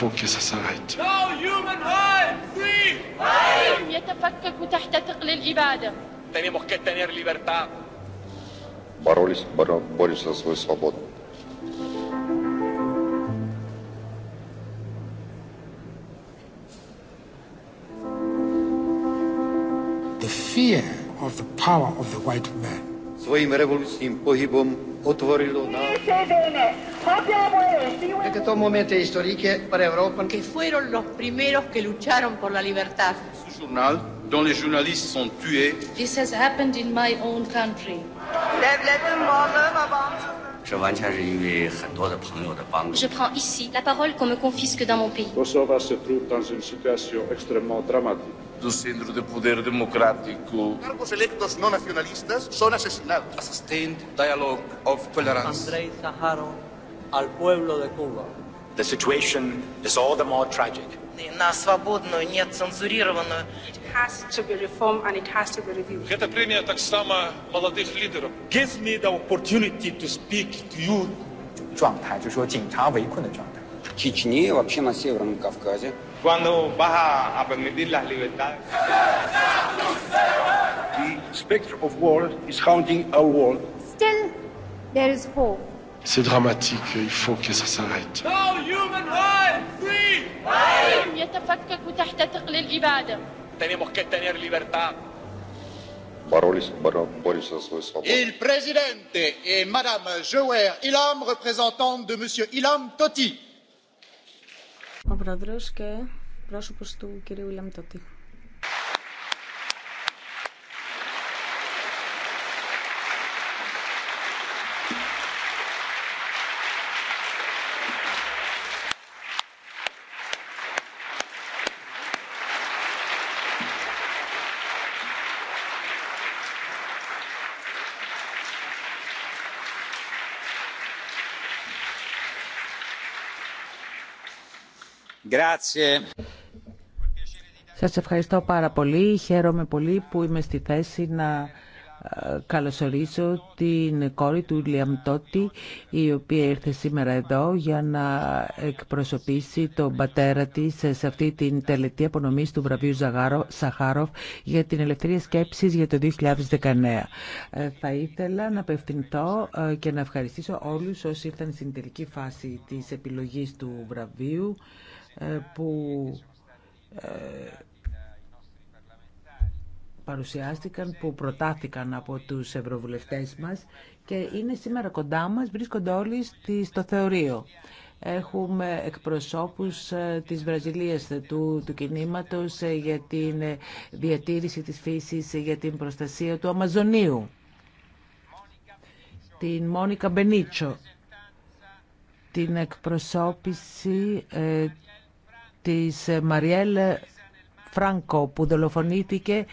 Σα, λοιπόν, αφήστε το παιδί σα. Δεν θα σα πω Δεν θα σα πω ότι είναι κοντά στο παιδί σα. Δεν θα σα πω ότι είναι κοντά στο παιδί svojim revolučným pohybom otvorilo na... Es que todo momento histórico para Europa. Que fueron los primeros que lucharon por la libertad. Ce journal dont les journalistes son tués. This has happened in my own country. Devletin varlığı ve bağımsızlığı 这完全是因为很多的朋友的帮助。Je prends ici la parole qu'on me confisque dans mon pays. Kosovo se trouve dans une situation extrêmement dramatique. του Centro de Poder Democrático. Cargos electos no nacionalistas son asesinados. A sustained dialogue of tolerance. Andrei Saharov al pueblo de Cuba. The situation is all the more tragic. На свободную, нет цензурированную has to be reformed and it has to be reviewed. премия так молодых лидеров. Gives me the opportunity to speak to you. 状态就是说警察围困的状态。В вообще на Северном Кавказе. Cuando vas a permitir las The spectre of war is haunting our world. Still, there is hope. C'est dramatique, il faut que ça s'arrête tenemos que tener libertad. Il presidente et madame Joël Ilham, représentante de monsieur Ilham Toti. Ο πρόεδρος και πρόσωπος του κυρίου Ilham Toti. Σας ευχαριστώ πάρα πολύ. Χαίρομαι πολύ που είμαι στη θέση να ε, καλωσορίσω την κόρη του Λιαμ η οποία ήρθε σήμερα εδώ για να εκπροσωπήσει τον πατέρα της σε αυτή την τελετή απονομή του βραβείου Σαχάροφ για την ελευθερία σκέψης για το 2019. Ε, θα ήθελα να απευθυνθώ ε, και να ευχαριστήσω όλους όσοι ήρθαν στην τελική φάση της επιλογής του βραβείου ε, που ε, παρουσιάστηκαν, που προτάθηκαν από τους ευρωβουλευτές μας και είναι σήμερα κοντά μας, βρίσκονται όλοι στο θεωρείο. Έχουμε εκπροσώπους ε, της Βραζιλίας του, του κινήματος για την διατήρηση της φύσης, για την προστασία του Αμαζονίου. Την Μόνικα Μπενίτσο, την εκπροσώπηση της Μαριέλ Φράνκο που δολοφονήθηκε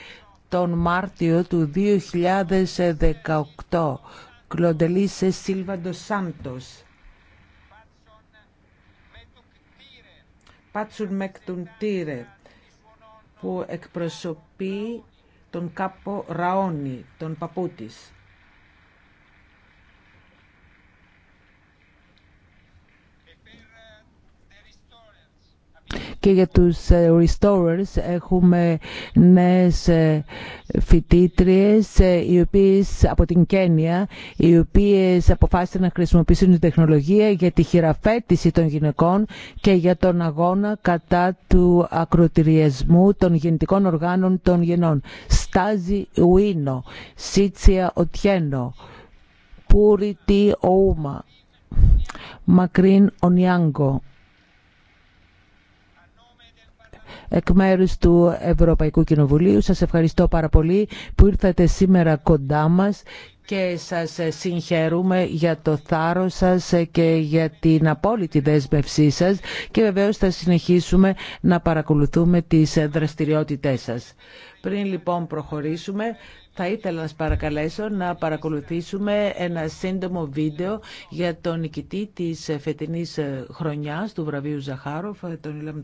τον Μάρτιο του 2018. Κλοντελίσε Σίλβαντο Σάντος. Πάτσουν Μεκτουντήρε που εκπροσωπεί τον κάπο Ραόνι, τον παππού της. και για τους ε, restorers έχουμε νέες ε, φοιτήτριες ε, οι οποίες, από την Κένια οι οποίες αποφάσισαν να χρησιμοποιήσουν την τεχνολογία για τη χειραφέτηση των γυναικών και για τον αγώνα κατά του ακροτηριασμού των γεννητικών οργάνων των γενών. Στάζι Ουίνο, Σίτσια Οτιένο, Πούριτι Ούμα, Μακρίν Ονιάγκο εκ μέρους του Ευρωπαϊκού Κοινοβουλίου. Σας ευχαριστώ πάρα πολύ που ήρθατε σήμερα κοντά μας και σας συγχαίρουμε για το θάρρος σας και για την απόλυτη δέσμευσή σας και βεβαίως θα συνεχίσουμε να παρακολουθούμε τις δραστηριότητές σας. Πριν λοιπόν προχωρήσουμε, θα ήθελα να σας παρακαλέσω να παρακολουθήσουμε ένα σύντομο βίντεο για τον νικητή της φετινής χρονιάς του βραβείου Ζαχάροφ, τον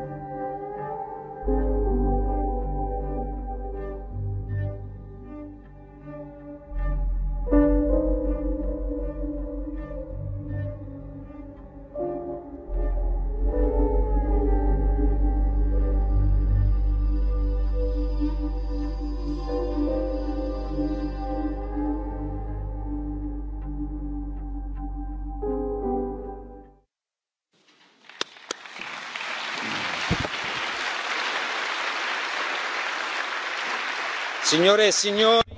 Signore e signori.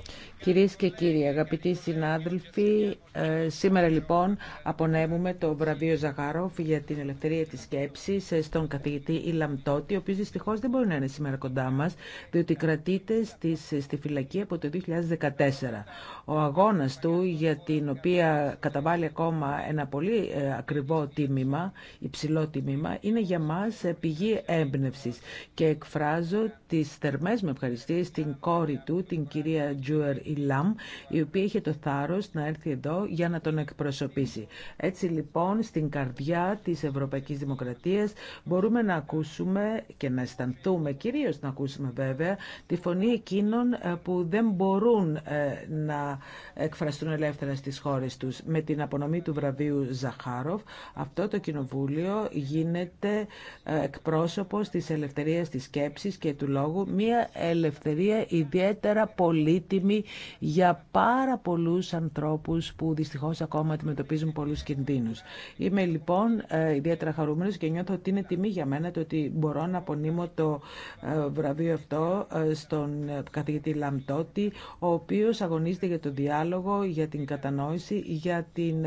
Κυρίες και κύριοι, αγαπητοί συνάδελφοι, ε, σήμερα λοιπόν απονέμουμε το βραβείο Ζαχάροφ για την ελευθερία της σκέψης ε, στον καθηγητή Ιλαμτότη, ο οποίος δυστυχώς δεν μπορεί να είναι σήμερα κοντά μας, διότι κρατείται στη φυλακή από το 2014. Ο αγώνας του, για την οποία καταβάλει ακόμα ένα πολύ ε, ακριβό τίμημα, υψηλό τίμημα, είναι για μας πηγή έμπνευση και εκφράζω τις θερμές μου ευχαριστίες στην κόρη του, την κυρία Τζουερ η οποία είχε το θάρρος να έρθει εδώ για να τον εκπροσωπήσει. Έτσι λοιπόν, στην καρδιά της Ευρωπαϊκής Δημοκρατίας μπορούμε να ακούσουμε και να αισθανθούμε, κυρίως να ακούσουμε βέβαια, τη φωνή εκείνων ε, που δεν μπορούν ε, να εκφραστούν ελεύθερα στις χώρες τους. Με την απονομή του βραβείου Ζαχάροφ, αυτό το κοινοβούλιο γίνεται ε, εκπρόσωπος της ελευθερίας της σκέψης και του λόγου, μια ελευθερία ιδιαίτερα πολύτιμη για πάρα πολλούς ανθρώπους που δυστυχώς ακόμα αντιμετωπίζουν πολλούς κινδύνους. Είμαι λοιπόν ε, ιδιαίτερα χαρούμενος και νιώθω ότι είναι τιμή για μένα το ότι μπορώ να απονείμω το ε, βραβείο αυτό ε, στον καθηγητή Λαμπτότη, ο οποίος αγωνίζεται για το διάλογο, για την κατανόηση, για την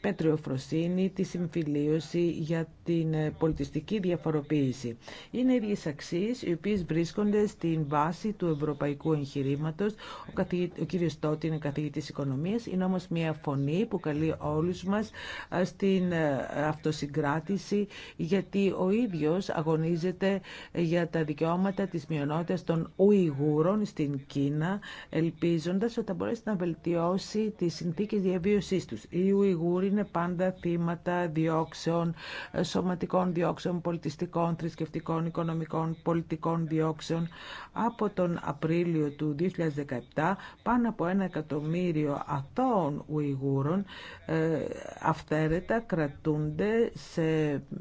πετριοφροσύνη, τη συμφιλίωση, για την πολιτιστική διαφοροποίηση. Είναι ίδιες αξίε οι οποίε βρίσκονται στην βάση του ευρωπαϊκού Εγχειρήματο ο κύριος Τότι είναι καθηγητής οικονομίας, είναι όμως μια φωνή που καλεί όλους μας ε, στην ε, αυτοσυγκράτηση, γιατί ο ίδιος αγωνίζεται για τα δικαιώματα της μειονότητας των Ουιγούρων στην Κίνα, ελπίζοντας ότι θα μπορέσει να βελτιώσει τις συνθήκες διαβίωσής τους. Οι Ουιγούροι είναι πάντα θύματα διώξεων, ε, σωματικών διώξεων, πολιτιστικών, θρησκευτικών, οικονομικών, πολιτικών διώξεων. Από τον Απρίλιο του 2017 πάνω από ένα εκατομμύριο αθώων Ουιγούρων ε, αυθαίρετα κρατούνται σε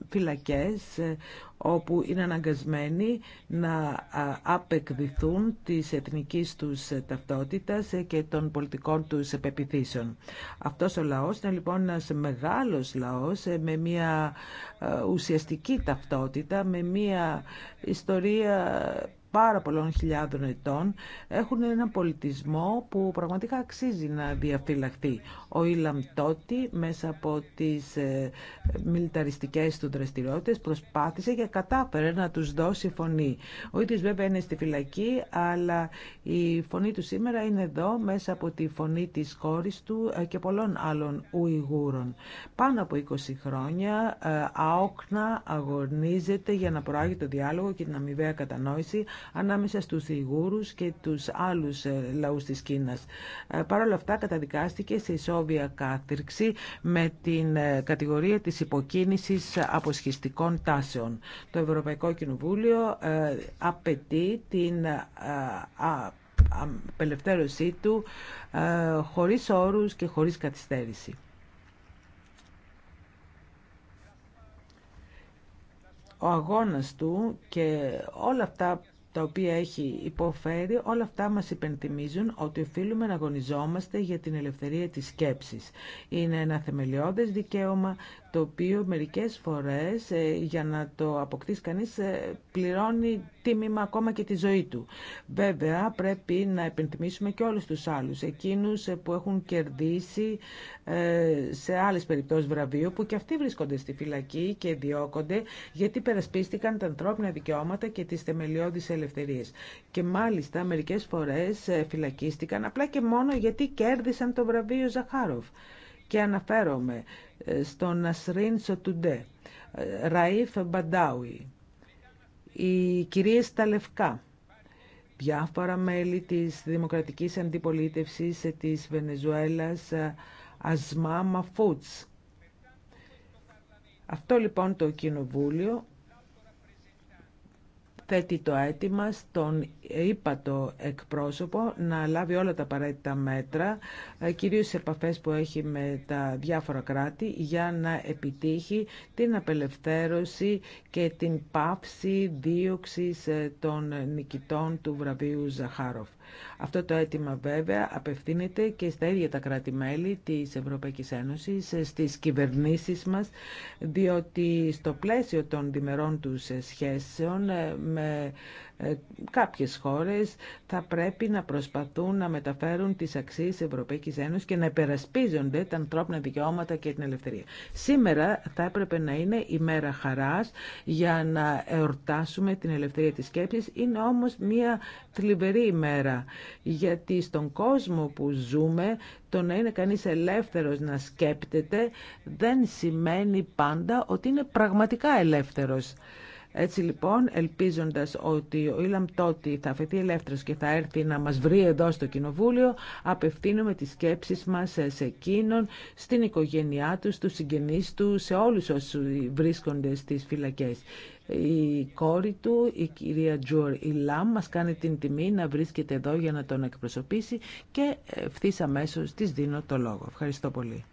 φυλακές ε, όπου είναι αναγκασμένοι να απεκδηθούν της εθνικής τους ταυτότητας ε, και των πολιτικών τους επεπιθήσεων. Αυτός ο λαός είναι λοιπόν ένας μεγάλος λαός με μια ουσιαστική ταυτότητα, με μια ιστορία πάρα πολλών χιλιάδων ετών έχουν ένα πολιτισμό που πραγματικά αξίζει να διαφυλαχθεί. Ο Ήλαμ Τότι μέσα από τις ε, μιλταριστικές του δραστηριότητες προσπάθησε και κατάφερε να τους δώσει φωνή. Ο ίδιος βέβαια είναι στη φυλακή αλλά η φωνή του σήμερα είναι εδώ μέσα από τη φωνή της χώρης του ε, και πολλών άλλων Ουιγούρων. Πάνω από 20 χρόνια ε, αόκνα αγωνίζεται για να προάγει το διάλογο και την αμοιβαία κατανόηση ανάμεσα στους Ιγούρους και τους άλλους ε, λαούς της Κίνας. Ε, παρ' όλα αυτά καταδικάστηκε σε ισόβια κάθυρξη με την ε, κατηγορία της υποκίνησης αποσχιστικών τάσεων. Το Ευρωπαϊκό Κοινοβούλιο απαιτεί την απελευθέρωσή του χωρίς όρους και χωρίς καθυστέρηση. ο αγώνας του και όλα αυτά τα οποία έχει υποφέρει, όλα αυτά μας υπενθυμίζουν ότι οφείλουμε να αγωνιζόμαστε για την ελευθερία της σκέψης. Είναι ένα θεμελιώδες δικαίωμα το οποίο μερικές φορές ε, για να το αποκτήσει κανείς ε, πληρώνει τίμημα ακόμα και τη ζωή του. Βέβαια πρέπει να επενθυμίσουμε και όλους τους άλλους, εκείνους ε, που έχουν κερδίσει σε άλλες περιπτώσεις βραβείου που και αυτοί βρίσκονται στη φυλακή και διώκονται γιατί περασπίστηκαν τα ανθρώπινα δικαιώματα και τις θεμελιώδεις ελευθερίες. Και μάλιστα μερικές φορές φυλακίστηκαν απλά και μόνο γιατί κέρδισαν το βραβείο Ζαχάροφ. Και αναφέρομαι στον Νασρίν Σοτουντέ, Ραΐφ Μπαντάουι, οι κυρίες στα Λευκά, διάφορα μέλη της Δημοκρατικής Αντιπολίτευσης της Βενεζουέλας, Ασμά Μαφούτς. Αυτό λοιπόν το Κοινοβούλιο θέτει το αίτημα στον ύπατο εκπρόσωπο να λάβει όλα τα απαραίτητα μέτρα, ε, κυρίως σε επαφές που έχει με τα διάφορα κράτη, για να επιτύχει την απελευθέρωση και την πάυση δίωξης ε, των νικητών του βραβείου Ζαχάροφ. Αυτό το αίτημα βέβαια απευθύνεται και στα ίδια τα κράτη-μέλη της Ευρωπαϊκής Ένωσης, στις κυβερνήσεις μας, διότι στο πλαίσιο των διμερών τους σχέσεων ε, με ε, κάποιες χώρες θα πρέπει να προσπαθούν να μεταφέρουν τις αξίες της Ευρωπαϊκής Ένωσης και να υπερασπίζονται τα ανθρώπινα δικαιώματα και την ελευθερία. Σήμερα θα έπρεπε να είναι η μέρα χαράς για να εορτάσουμε την ελευθερία της σκέψης. Είναι όμως μια θλιβερή ημέρα γιατί στον κόσμο που ζούμε το να είναι κανείς ελεύθερος να σκέπτεται δεν σημαίνει πάντα ότι είναι πραγματικά ελεύθερος. Έτσι λοιπόν, ελπίζοντας ότι ο Ιλαμ Τότι θα αφαιθεί ελεύθερος και θα έρθει να μας βρει εδώ στο Κοινοβούλιο, απευθύνουμε τις σκέψει μας σε εκείνον, στην οικογένειά του, στους συγγενεί του, σε όλου όσους βρίσκονται στις φυλακές. Η κόρη του, η κυρία Τζουρ Ιλάμ, μας κάνει την τιμή να βρίσκεται εδώ για να τον εκπροσωπήσει και ευθύ αμέσω τη δίνω το λόγο. Ευχαριστώ πολύ.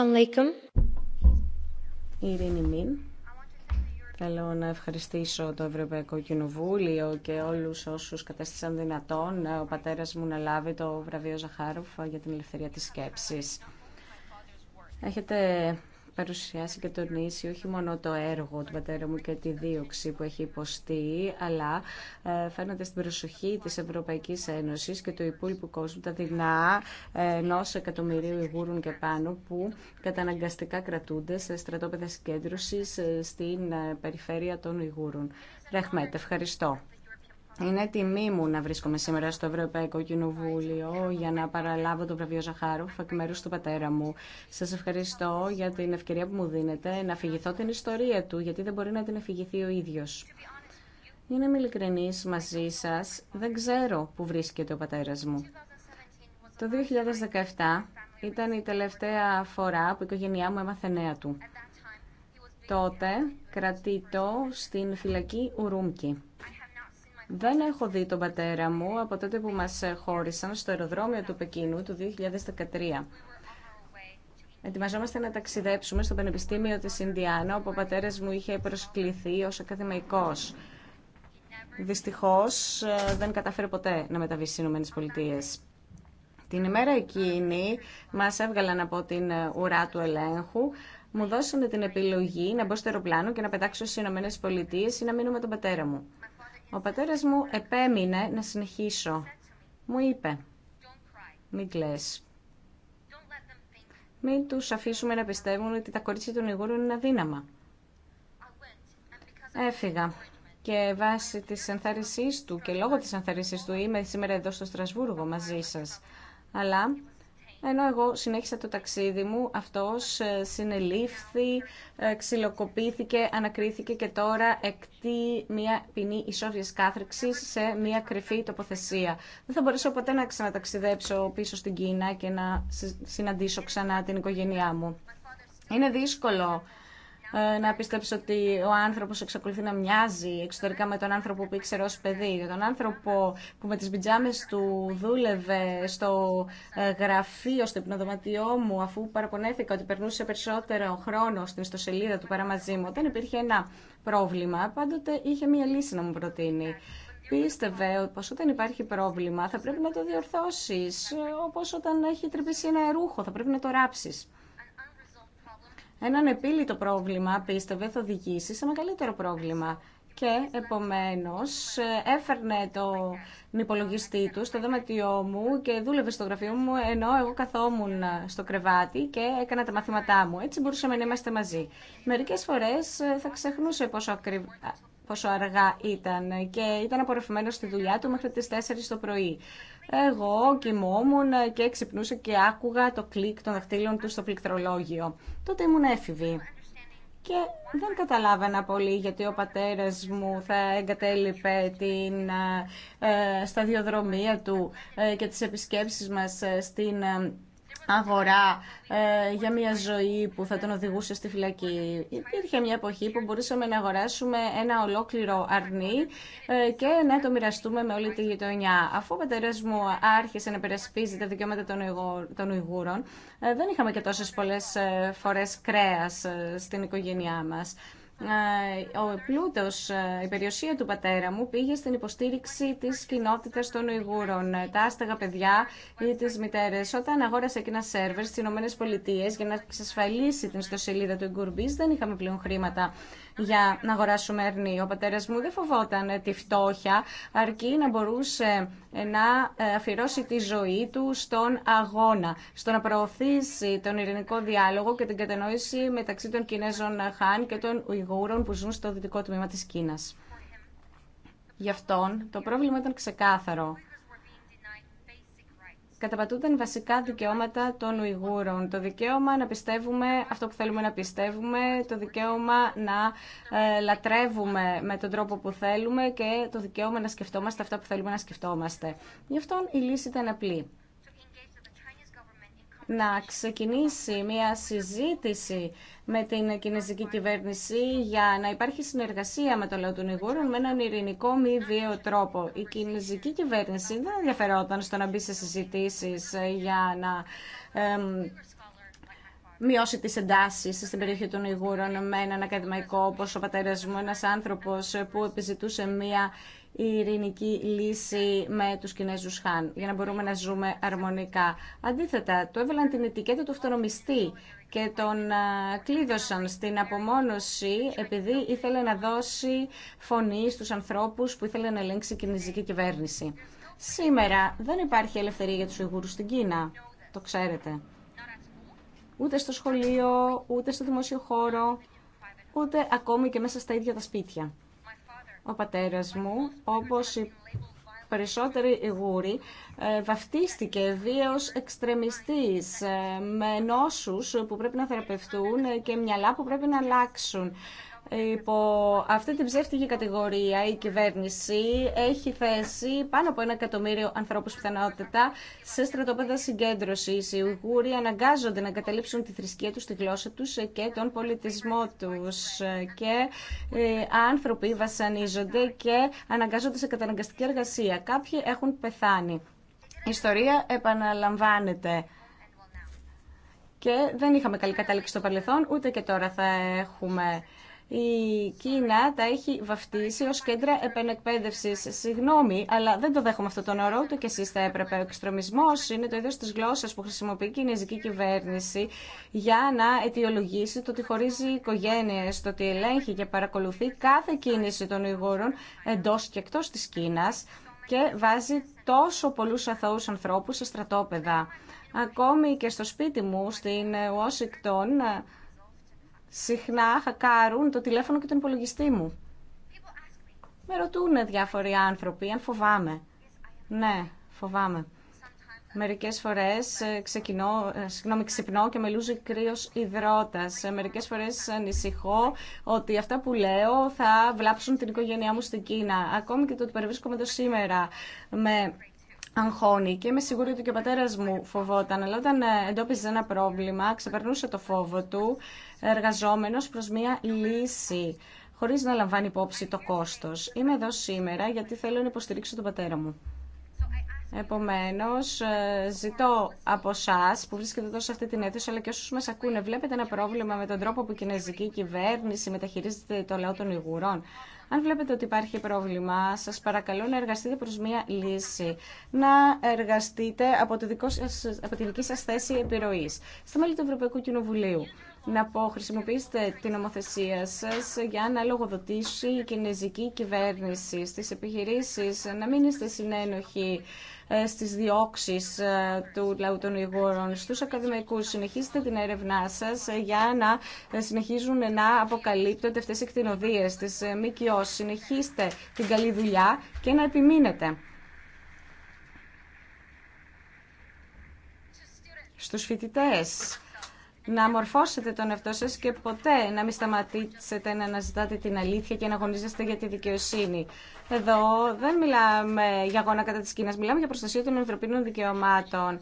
Assalamualaikum. Ειρήνη Μην. Θέλω να ευχαριστήσω το Ευρωπαϊκό Κοινοβούλιο και όλους όσους κατέστησαν δυνατόν ε, ο πατέρας μου να λάβει το βραβείο Ζαχάροφ για την ελευθερία της σκέψης. Έχετε παρουσιάσει και τονίσει όχι μόνο το έργο του πατέρα μου και τη δίωξη που έχει υποστεί, αλλά ε, φαίνεται στην προσοχή της Ευρωπαϊκής Ένωσης και του υπόλοιπου κόσμου τα δεινά ε, ενό εκατομμυρίου Ιγούρων και πάνω που καταναγκαστικά κρατούνται σε στρατόπεδα συγκέντρωσης ε, στην περιφέρεια των Ιγούρων. Ρεχμέτε, ευχαριστώ. Είναι τιμή μου να βρίσκομαι σήμερα στο Ευρωπαϊκό Κοινοβούλιο για να παραλάβω το βραβείο Ζαχάροφ εκ μέρου του πατέρα μου. Σα ευχαριστώ για την ευκαιρία που μου δίνετε να αφηγηθώ την ιστορία του, γιατί δεν μπορεί να την αφηγηθεί ο ίδιο. Για να είμαι ειλικρινή μαζί σα, δεν ξέρω πού βρίσκεται ο πατέρα μου. Το 2017 ήταν η τελευταία φορά που η οικογένειά μου έμαθε νέα του. Τότε κρατήτω στην φυλακή Ουρούμκη. Δεν έχω δει τον πατέρα μου από τότε που μας χώρισαν στο αεροδρόμιο του Πεκίνου του 2013. Ετοιμαζόμαστε να ταξιδέψουμε στο Πανεπιστήμιο της Ινδιάνα, όπου ο πατέρας μου είχε προσκληθεί ως ακαδημαϊκός. Δυστυχώς ε, δεν κατάφερε ποτέ να μεταβεί στις Ηνωμένες Πολιτείες. Την ημέρα εκείνη μας έβγαλαν από την ε, ουρά του ελέγχου, μου δώσανε την επιλογή να μπω στο αεροπλάνο και να πετάξω στις Ηνωμένες Πολιτείες ή να μείνω με τον πατέρα μου. Ο πατέρας μου επέμεινε να συνεχίσω. Μου είπε, μην κλαις. Μην τους αφήσουμε να πιστεύουν ότι τα κορίτσια των Ιγούρων είναι αδύναμα. Έφυγα και βάσει της ενθαρρυσής του και λόγω της ενθαρρυσής του είμαι σήμερα εδώ στο Στρασβούργο μαζί σας. Αλλά ενώ εγώ συνέχισα το ταξίδι μου, αυτός ε, συνελήφθη, ε, ξυλοκοπήθηκε, ανακρίθηκε και τώρα εκτεί μια ποινή ισόβιας κάθριξης σε μια κρυφή τοποθεσία. Δεν θα μπορέσω ποτέ να ξαναταξιδέψω πίσω στην Κίνα και να συναντήσω ξανά την οικογένειά μου. Είναι δύσκολο ε, να πιστέψει ότι ο άνθρωπο εξακολουθεί να μοιάζει εξωτερικά με τον άνθρωπο που ήξερε ω παιδί, για τον άνθρωπο που με τι πιτζάμε του δούλευε στο ε, γραφείο, στο υπνοδωματιό μου, αφού παραπονέθηκα ότι περνούσε περισσότερο χρόνο στην ιστοσελίδα του παρά μαζί μου. Όταν υπήρχε ένα πρόβλημα, πάντοτε είχε μία λύση να μου προτείνει πίστευε πω όταν υπάρχει πρόβλημα θα πρέπει να το διορθώσει. Ε, Όπω όταν έχει τρυπήσει ένα ρούχο, θα πρέπει να το ράψει έναν επίλυτο πρόβλημα, πίστευε, θα οδηγήσει σε μεγαλύτερο πρόβλημα. Και επομένως έφερνε τον υπολογιστή του στο δωμάτιό μου και δούλευε στο γραφείο μου ενώ εγώ καθόμουν στο κρεβάτι και έκανα τα μαθήματά μου. Έτσι μπορούσαμε να είμαστε μαζί. Μερικές φορές ε, θα ξεχνούσε πόσο, πόσο αργά ήταν και ήταν απορροφημένο στη δουλειά του μέχρι τι 4 το πρωί εγώ κοιμόμουν και ξυπνούσα και άκουγα το κλικ των δαχτύλων του στο πληκτρολόγιο. Τότε ήμουν έφηβη. Και δεν καταλάβαινα πολύ γιατί ο πατέρας μου θα εγκατέλειπε την ε, ε, σταδιοδρομία του ε, και τις επισκέψεις μας στην αγορά ε, για μια ζωή που θα τον οδηγούσε στη φυλακή. Υπήρχε μια εποχή που μπορούσαμε να αγοράσουμε ένα ολόκληρο αρνί ε, και να το μοιραστούμε με όλη τη γειτονιά. Αφού ο πατέρα μου άρχισε να περασπίζει τα δικαιώματα των Ουιγούρων, ε, δεν είχαμε και τόσε πολλέ ε, φορέ κρέα ε, στην οικογένειά μα. Ε, ο πλούτος, ε, η περιουσία του πατέρα μου πήγε στην υποστήριξη της κοινότητας των Ουιγούρων, τα άσταγα παιδιά ή τις μητέρες. Όταν αγόρασε εκείνα σερβερ στις Ηνωμένες Πολιτείες για να εξασφαλίσει την ιστοσελίδα του Ιγκουρμπής, δεν είχαμε πλέον χρήματα για να αγοράσουμε αρνή. Ο πατέρας μου δεν φοβόταν τη φτώχεια, αρκεί να μπορούσε ε, να αφιερώσει τη ζωή του στον αγώνα, στο να προωθήσει τον ειρηνικό διάλογο και την κατανόηση μεταξύ των Κινέζων Χάν και των Ουιγούρων που ζουν στο δυτικό τμήμα της Κίνας. Γι' αυτόν το πρόβλημα ήταν ξεκάθαρο. Καταπατούνταν βασικά δικαιώματα των Ουιγούρων. Το δικαίωμα να πιστεύουμε αυτό που θέλουμε να πιστεύουμε, το δικαίωμα να ε, λατρεύουμε με τον τρόπο που θέλουμε και το δικαίωμα να σκεφτόμαστε αυτά που θέλουμε να σκεφτόμαστε. Γι' αυτόν η λύση ήταν απλή να ξεκινήσει μια συζήτηση με την κινέζικη κυβέρνηση για να υπάρχει συνεργασία με το λαό των Ιγούρων με έναν ειρηνικό μη βίαιο τρόπο. Η κινέζικη κυβέρνηση δεν ενδιαφερόταν στο να μπει σε συζητήσει για να μειώσει τις εντάσεις στην περιοχή των Ιγούρων με έναν ακαδημαϊκό όπως ο πατέρας μου, ένας άνθρωπος που επιζητούσε μία η ειρηνική λύση με τους Κινέζους Χάν, για να μπορούμε να ζούμε αρμονικά. Αντίθετα, το έβαλαν την ετικέτα του αυτονομιστή και τον κλείδωσαν στην απομόνωση επειδή ήθελε να δώσει φωνή στους ανθρώπους που ήθελε να ελέγξει η κινέζικη κυβέρνηση. Σήμερα δεν υπάρχει ελευθερία για τους Ιγούρους στην Κίνα, το ξέρετε. Ούτε στο σχολείο, ούτε στο δημόσιο χώρο, ούτε ακόμη και μέσα στα ίδια τα σπίτια. Ο πατέρας μου, όπως οι περισσότεροι γούροι, ε, βαφτίστηκε βίαιος εξτρεμιστής ε, με νόσους που πρέπει να θεραπευτούν και μυαλά που πρέπει να αλλάξουν. Υπό αυτή την ψεύτικη κατηγορία η κυβέρνηση έχει θέσει πάνω από ένα εκατομμύριο ανθρώπους πιθανότητα σε στρατόπεδα συγκέντρωσης. Οι Ουγγούροι αναγκάζονται να καταλήψουν τη θρησκεία τους, τη γλώσσα τους και τον πολιτισμό τους. Και οι ε, άνθρωποι βασανίζονται και αναγκάζονται σε καταναγκαστική εργασία. Κάποιοι έχουν πεθάνει. Η ιστορία επαναλαμβάνεται και δεν είχαμε καλή κατάληξη στο παρελθόν, ούτε και τώρα θα έχουμε η Κίνα τα έχει βαφτίσει ως κέντρα επενεκπαίδευσης. Συγγνώμη, αλλά δεν το δέχομαι αυτό το όρο, ούτε και εσείς θα έπρεπε. Ο εξτρομισμός είναι το είδος της γλώσσας που χρησιμοποιεί η κινέζικη κυβέρνηση για να αιτιολογήσει το ότι χωρίζει οικογένειες, το ότι ελέγχει και παρακολουθεί κάθε κίνηση των υγόρων εντός και εκτός της Κίνας και βάζει τόσο πολλούς αθώους ανθρώπους σε στρατόπεδα. Ακόμη και στο σπίτι μου στην Ουάσιγκτον συχνά χακάρουν το τηλέφωνο και τον υπολογιστή μου. Με ρωτούν διάφοροι άνθρωποι αν φοβάμαι. Ναι, φοβάμαι. Μερικές φορές ε, ξεκινώ, ε, συγγνώμη, ξυπνώ και με λούζει κρύος υδρότας. Ε, μερικές φορές ανησυχώ ότι αυτά που λέω θα βλάψουν την οικογένειά μου στην Κίνα. Ακόμη και το ότι περιβρίσκομαι εδώ σήμερα με αγχώνει και είμαι σίγουρη ότι και ο πατέρας μου φοβόταν. Αλλά όταν εντόπιζε ένα πρόβλημα, ξεπερνούσε το φόβο του εργαζόμενος προς μια λύση χωρίς να λαμβάνει υπόψη το κόστος. Είμαι εδώ σήμερα γιατί θέλω να υποστηρίξω τον πατέρα μου. Επομένως, ε, ζητώ από εσά που βρίσκετε εδώ σε αυτή την αίθουσα, αλλά και όσου μας ακούνε, βλέπετε ένα πρόβλημα με τον τρόπο που η κινέζικη κυβέρνηση μεταχειρίζεται το λαό των Ιγουρών. Αν βλέπετε ότι υπάρχει πρόβλημα, σας παρακαλώ να εργαστείτε προς μία λύση. Να εργαστείτε από τη, σας, από δική σας θέση επιρροής. Στα μέλη του Ευρωπαϊκού Κοινοβουλίου να πω, χρησιμοποιήστε την ομοθεσία σας για να λογοδοτήσει η κινέζικη κυβέρνηση στις επιχειρήσεις, να μην είστε συνένοχοι ε, στις διώξεις ε, του λαού των Ιγούρων. Στους ακαδημαϊκούς συνεχίζετε την έρευνά σας ε, για να συνεχίζουν να αποκαλύπτονται αυτές οι εκτινοδίες της ΜΚΟ. Συνεχίστε την καλή δουλειά και να επιμείνετε. Στους φοιτητές να μορφώσετε τον εαυτό σας και ποτέ να μην σταματήσετε να αναζητάτε την αλήθεια και να αγωνίζεστε για τη δικαιοσύνη. Εδώ δεν μιλάμε για αγώνα κατά της Κίνας, μιλάμε για προστασία των ανθρωπίνων δικαιωμάτων.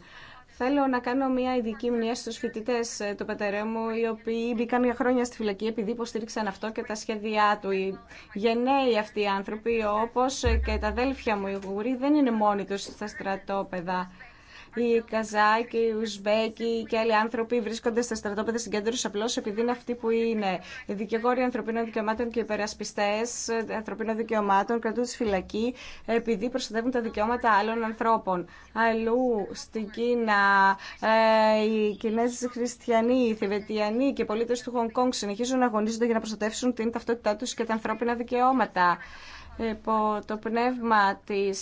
Θέλω να κάνω μια ειδική μνήμα στους φοιτητέ ε, του πατέρα μου, οι οποίοι μπήκαν για χρόνια στη φυλακή επειδή υποστήριξαν αυτό και τα σχέδιά του. Οι γενναίοι αυτοί οι άνθρωποι, όπως και τα αδέλφια μου οι Γουροί, δεν είναι μόνοι τους στα στρατόπεδα οι Καζάκοι, οι Ουσμπέκοι και άλλοι άνθρωποι βρίσκονται στα στρατόπεδα συγκέντρωση απλώ επειδή είναι αυτοί που είναι. Οι δικηγόροι ανθρωπίνων δικαιωμάτων και οι υπερασπιστέ ανθρωπίνων δικαιωμάτων κρατούν τη φυλακή επειδή προστατεύουν τα δικαιώματα άλλων ανθρώπων. Αλλού στην Κίνα, ε, οι Κινέζοι χριστιανοί, οι Θεβετιανοί και οι πολίτε του Χονγκ Κόνγκ συνεχίζουν να αγωνίζονται για να προστατεύσουν την ταυτότητά του και τα ανθρώπινα δικαιώματα υπό το πνεύμα της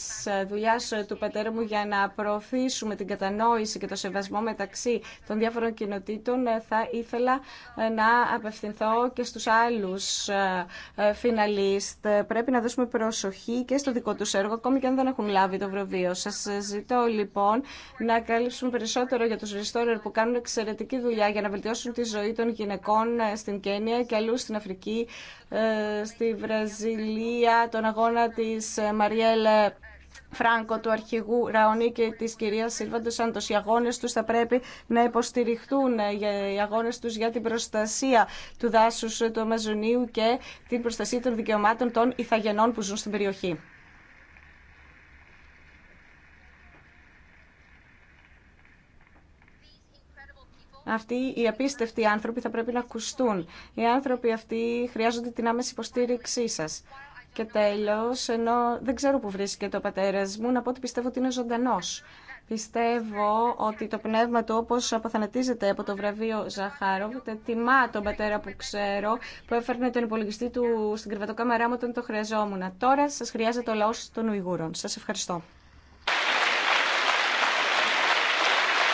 δουλειάς του πατέρα μου για να προωθήσουμε την κατανόηση και το σεβασμό μεταξύ των διάφορων κοινοτήτων ε, θα ήθελα ε, να απευθυνθώ και στους άλλους ε, φιναλίστ. Πρέπει να δώσουμε προσοχή και στο δικό τους έργο ακόμη και αν δεν έχουν λάβει το βραβείο. Σας ζητώ λοιπόν να καλύψουμε περισσότερο για τους ριστόρερ που κάνουν εξαιρετική δουλειά για να βελτιώσουν τη ζωή των γυναικών στην Κένια και αλλού στην Αφρική, στη Βραζιλία, τον αγώνα της ε, Μαριέλ ε, Φράνκο, του αρχηγού Ραονί και της κυρίας Σίλβαντο Σάντος. Οι αγώνες τους θα πρέπει να υποστηριχθούν, ε, οι αγώνες τους για την προστασία του δάσους του Αμαζονίου και την προστασία των δικαιωμάτων των ηθαγενών που ζουν στην περιοχή. Αυτοί οι απίστευτοι άνθρωποι θα πρέπει να ακουστούν. Οι άνθρωποι αυτοί χρειάζονται την άμεση υποστήριξή σας. Και τέλος, ενώ δεν ξέρω που βρίσκεται ο πατέρας μου, να πω ότι πιστεύω ότι είναι ζωντανός. Πιστεύω ότι το πνεύμα του όπως αποθανατίζεται από το βραβείο Ζαχάροβ τιμά τον πατέρα που ξέρω που έφερνε τον υπολογιστή του στην κρεβατοκάμερά μου όταν το χρειαζόμουν. Τώρα σας χρειάζεται ο λαός των Ουιγούρων. Σας ευχαριστώ.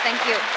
Thank you.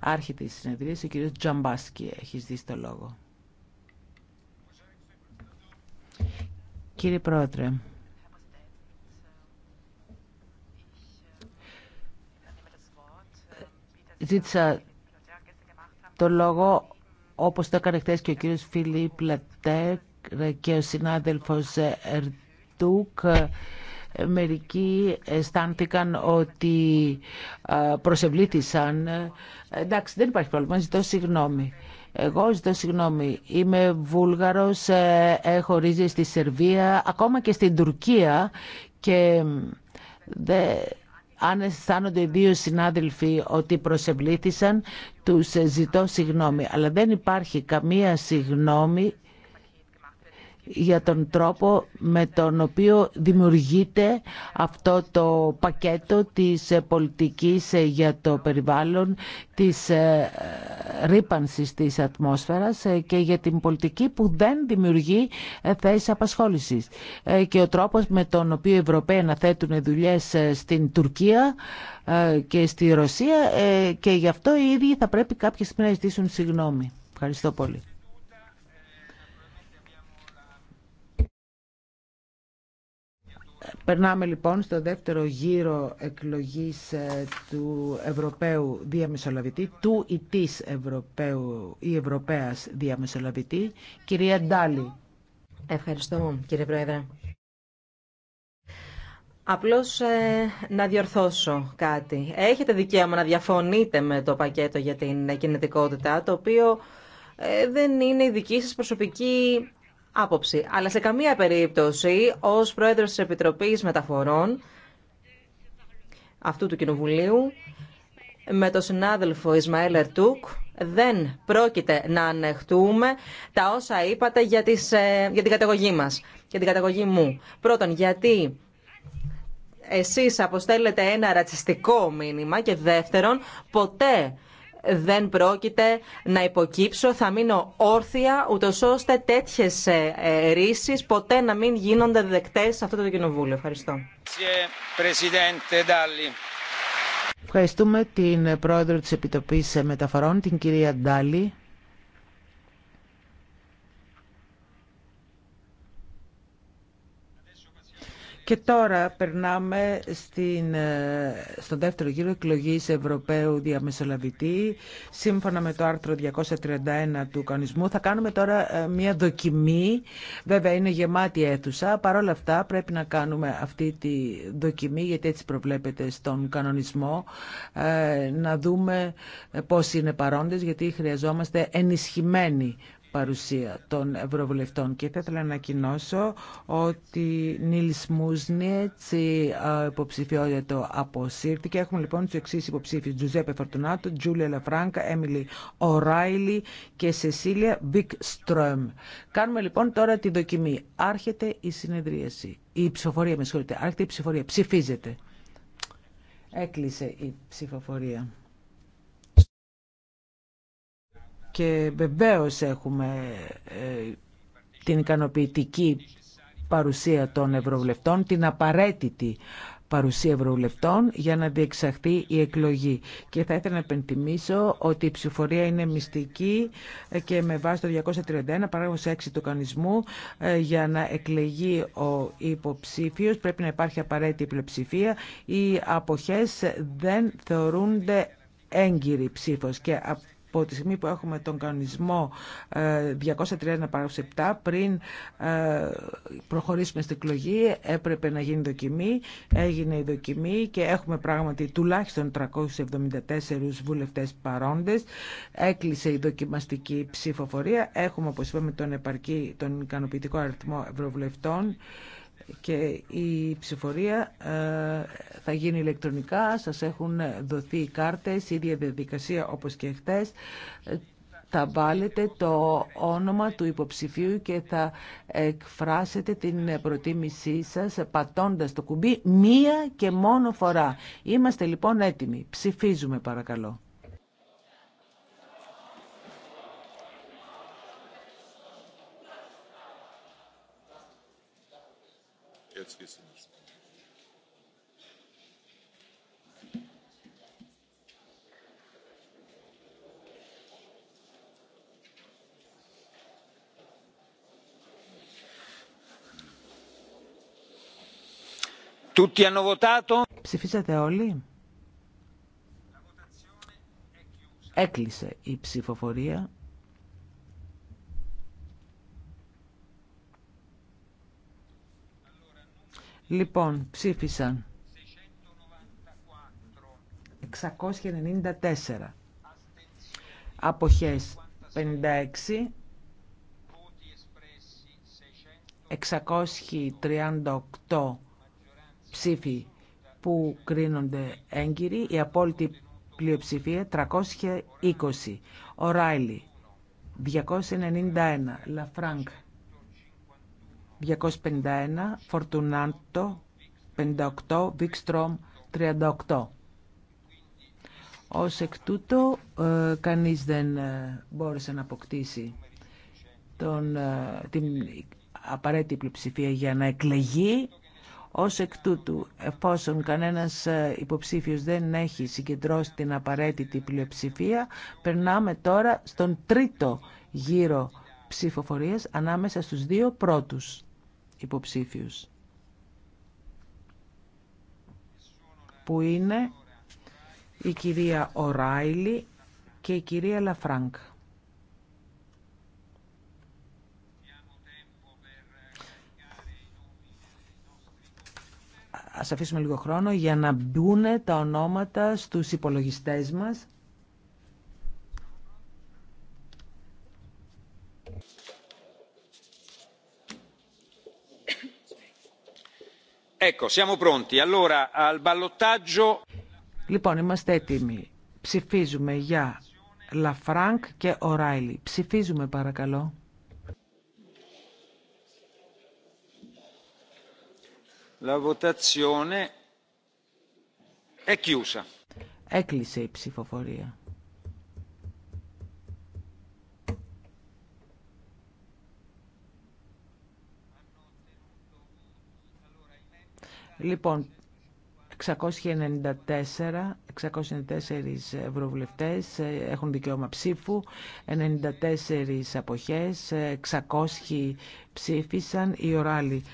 Άρχεται η συνεδρία. Ο κύριο Τζαμπάσκι έχει δει το λόγο. Κύριε Πρόεδρε, ζήτησα το λόγο όπως το έκανε χθες και ο κύριος Φιλίπ Λατέρ και ο συνάδελφος Ερτούκ Μερικοί αισθάνθηκαν ότι προσευλήθησαν. Εντάξει, δεν υπάρχει πρόβλημα, ζητώ συγγνώμη. Εγώ ζητώ συγγνώμη, είμαι Βούλγαρος, ε, έχω ρίζες στη Σερβία, ακόμα και στην Τουρκία και δεν αν αισθάνονται οι δύο συνάδελφοι ότι προσευλήθησαν, τους ζητώ συγγνώμη. Αλλά δεν υπάρχει καμία συγγνώμη για τον τρόπο με τον οποίο δημιουργείται αυτό το πακέτο της πολιτικής για το περιβάλλον, της ε, ρήπανσης της ατμόσφαιρας ε, και για την πολιτική που δεν δημιουργεί ε, θέσεις απασχόλησης. Και ο τρόπος με τον οποίο οι Ευρωπαίοι αναθέτουν δουλειές στην Τουρκία και στη Ρωσία και γι' αυτό οι ίδιοι θα πρέπει κάποια να ζητήσουν συγγνώμη. Ευχαριστώ πολύ. Περνάμε λοιπόν στο δεύτερο γύρο εκλογής ε, του Ευρωπαίου Διαμεσολαβητή, του ή της Ευρωπαίου ή Ευρωπαίας Διαμεσολαβητή, κυρία Ντάλη. Ευχαριστώ κύριε Πρόεδρε. Απλώς ε, να διορθώσω κάτι. Έχετε δικαίωμα να διαφωνείτε με το πακέτο για την κινητικότητα, το οποίο ε, δεν είναι η δική σας προσωπική άποψη. Αλλά σε καμία περίπτωση, ως Πρόεδρος τη Επιτροπής Μεταφορών αυτού του Κοινοβουλίου, με τον συνάδελφο Ισμαήλ Ερτούκ, δεν πρόκειται να ανεχτούμε τα όσα είπατε για, ε, για την καταγωγή μας, και την καταγωγή μου. Πρώτον, γιατί εσείς αποστέλλετε ένα ρατσιστικό μήνυμα και δεύτερον, ποτέ δεν πρόκειται να υποκύψω, θα μείνω όρθια, ούτω ώστε τέτοιε ε, ρήσει ποτέ να μην γίνονται δεκτέ σε αυτό το κοινοβούλιο. Ευχαριστώ. Ευχαριστούμε την πρόεδρο τη επιτροπή Μεταφορών, την κυρία Ντάλη. Και τώρα περνάμε στην, ε, στον δεύτερο γύρο εκλογής Ευρωπαίου Διαμεσολαβητή. Σύμφωνα με το άρθρο 231 του κανονισμού θα κάνουμε τώρα ε, μια δοκιμή. Βέβαια είναι γεμάτη αίθουσα. Παρ' όλα αυτά πρέπει να κάνουμε αυτή τη δοκιμή γιατί έτσι προβλέπεται στον κανονισμό. Ε, να δούμε πώς είναι παρόντες γιατί χρειαζόμαστε ενισχυμένη παρουσία των Ευρωβουλευτών και θα ήθελα να ανακοινώσω ότι Νίλ Μούσνιετς έτσι ε, υποψηφιότητα του αποσύρθηκε. Έχουμε λοιπόν του εξή υποψήφιους Τζουζέπε Φορτουνάτο, Τζούλια Λαφράγκα, Έμιλι Οράιλι και Σεσίλια Βικ Κάνουμε λοιπόν τώρα τη δοκιμή. Άρχεται η συνεδρίαση. Η ψηφοφορία, με συγχωρείτε. Άρχεται η ψηφοφορία. Ψηφίζεται. Έκλεισε η ψηφοφορία. και βεβαίως έχουμε ε, την ικανοποιητική παρουσία των ευρωβουλευτών, την απαραίτητη παρουσία ευρωβουλευτών για να διεξαχθεί η εκλογή. Και θα ήθελα να επενθυμίσω ότι η ψηφορία είναι μυστική ε, και με βάση το 231 παράγραφος 6 του κανισμού ε, για να εκλεγεί ο υποψήφιος πρέπει να υπάρχει απαραίτητη πλειοψηφία. Οι αποχές δεν θεωρούνται έγκυρη ψήφος και από τη στιγμή που έχουμε τον κανονισμό 231 ε, 7 πριν ε, προχωρήσουμε στην εκλογή έπρεπε να γίνει δοκιμή έγινε η δοκιμή και έχουμε πράγματι τουλάχιστον 374 βουλευτές παρόντες έκλεισε η δοκιμαστική ψηφοφορία έχουμε όπως είπαμε τον, επαρκή, τον ικανοποιητικό αριθμό ευρωβουλευτών και η ψηφορία ε, θα γίνει ηλεκτρονικά. Σας έχουν δοθεί οι κάρτες, η ίδια διαδικασία όπως και χτες. Ε, θα βάλετε το όνομα του υποψηφίου και θα εκφράσετε την προτίμησή σας πατώντας το κουμπί μία και μόνο φορά. Είμαστε λοιπόν έτοιμοι. Ψηφίζουμε παρακαλώ. Ψηφίσατε όλοι. Έκλεισε η ψηφοφορία. Λοιπόν, ψήφισαν 694. Αποχές 56. 638 ψήφοι που κρίνονται έγκυροι, η απόλυτη πλειοψηφία 320. Ο Ράιλι 291. Λαφράγκ. 251, Φορτουνάντο 58, Βίξτρομ 38. Ως εκ τούτου ε, κανείς δεν ε, μπόρεσε να αποκτήσει τον, ε, την απαραίτητη πλειοψηφία για να εκλεγεί. Ως εκ τούτου, εφόσον κανένας υποψήφιος δεν έχει συγκεντρώσει την απαραίτητη πλειοψηφία, περνάμε τώρα στον τρίτο γύρο ψηφοφορίας ανάμεσα στους δύο πρώτους που είναι η κυρία Οράιλι και η κυρία Λαφράνκ. Ας αφήσουμε λίγο χρόνο για να μπουν τα ονόματα στους υπολογιστές μας. Λοιπόν, είμαστε έτοιμοι. Ψηφίζουμε για Λαφράνκ και Οράιλι. Ψηφίζουμε παρακαλώ. La votazione è chiusa. Έκλεισε η ψηφοφορία. Λοιπόν, 694, 694 ευρωβουλευτές ε, έχουν δικαίωμα ψήφου, 94 αποχές, 600 ε, ψήφισαν, οι οράλοι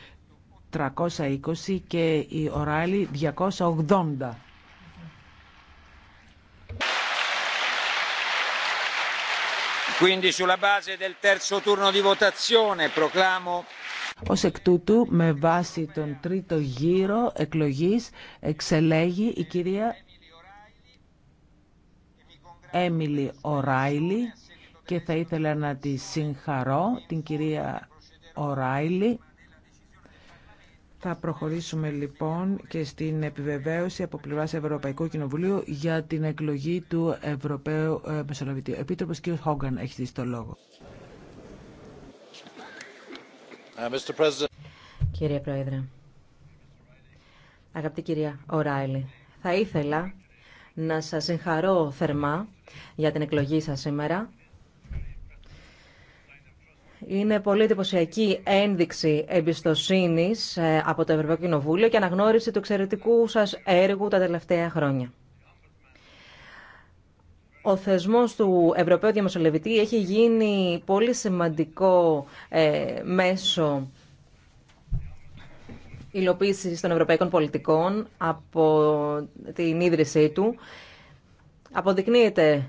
320 και οι οράλοι 280. Quindi sulla base del terzo turno di votazione proclamo ως εκ τούτου, με βάση τον τρίτο γύρο εκλογής, εξελέγει η κυρία Έμιλι Οράιλι και θα ήθελα να τη συγχαρώ, την κυρία Οράιλι. Θα προχωρήσουμε λοιπόν και στην επιβεβαίωση από πλευρά Ευρωπαϊκού Κοινοβουλίου για την εκλογή του Ευρωπαίου ε, Μεσολαβητή. Ο Επίτροπος κ. Χόγκαν έχει δει το λόγο. Uh, Κύριε Πρόεδρε, αγαπητή κυρία Οράιλη, θα ήθελα να σας συγχαρώ θερμά για την εκλογή σας σήμερα. Είναι πολύ εντυπωσιακή ένδειξη εμπιστοσύνης ε, από το Ευρωπαϊκό Κοινοβούλιο και αναγνώριση του εξαιρετικού σας έργου τα τελευταία χρόνια ο θεσμός του Ευρωπαίου Διαμεσολευητή έχει γίνει πολύ σημαντικό ε, μέσο υλοποίηση των ευρωπαϊκών πολιτικών από την ίδρυσή του. Αποδεικνύεται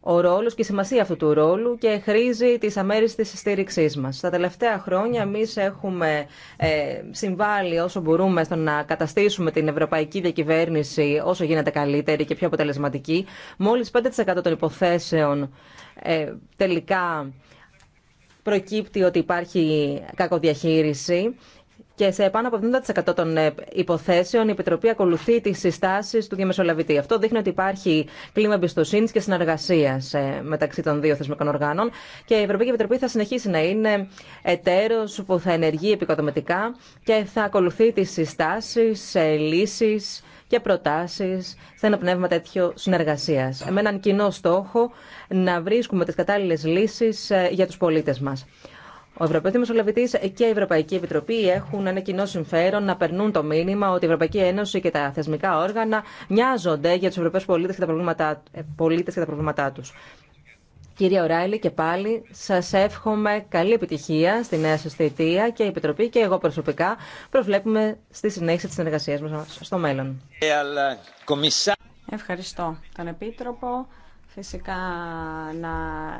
ο ρόλος και η σημασία αυτού του ρόλου και χρήζει της αμέριστης στήριξή μας. Στα τελευταία χρόνια εμεί έχουμε ε, συμβάλει όσο μπορούμε στο να καταστήσουμε την ευρωπαϊκή διακυβέρνηση όσο γίνεται καλύτερη και πιο αποτελεσματική. Μόλις 5% των υποθέσεων ε, τελικά προκύπτει ότι υπάρχει κακοδιαχείριση και σε πάνω από 70% των ε, υποθέσεων η Επιτροπή ακολουθεί τι συστάσει του διαμεσολαβητή. Αυτό δείχνει ότι υπάρχει κλίμα εμπιστοσύνη και συνεργασία ε, μεταξύ των δύο θεσμικών οργάνων και η Ευρωπαϊκή Επιτροπή θα συνεχίσει να είναι εταίρο που θα ενεργεί επικοδομητικά και θα ακολουθεί τι συστάσει, ε, λύσει και προτάσει σε ένα πνεύμα τέτοιο συνεργασία. Με έναν κοινό στόχο να βρίσκουμε τι κατάλληλε λύσει για του πολίτε μα. Ο Ευρωπαίος Δημοσιολαβητής και η Ευρωπαϊκή Επιτροπή έχουν ένα κοινό συμφέρον να περνούν το μήνυμα ότι η Ευρωπαϊκή Ένωση και τα θεσμικά όργανα νοιάζονται για τους Ευρωπαίους πολίτες και τα προβλήματά, πολίτες τα προβλήματά τους. Κύριε Ωράιλη, και πάλι σα εύχομαι καλή επιτυχία στη νέα σα θητεία και η Επιτροπή και εγώ προσωπικά προβλέπουμε στη συνέχεια τη συνεργασία μα στο μέλλον. Ε, Ευχαριστώ τον Επίτροπο φυσικά να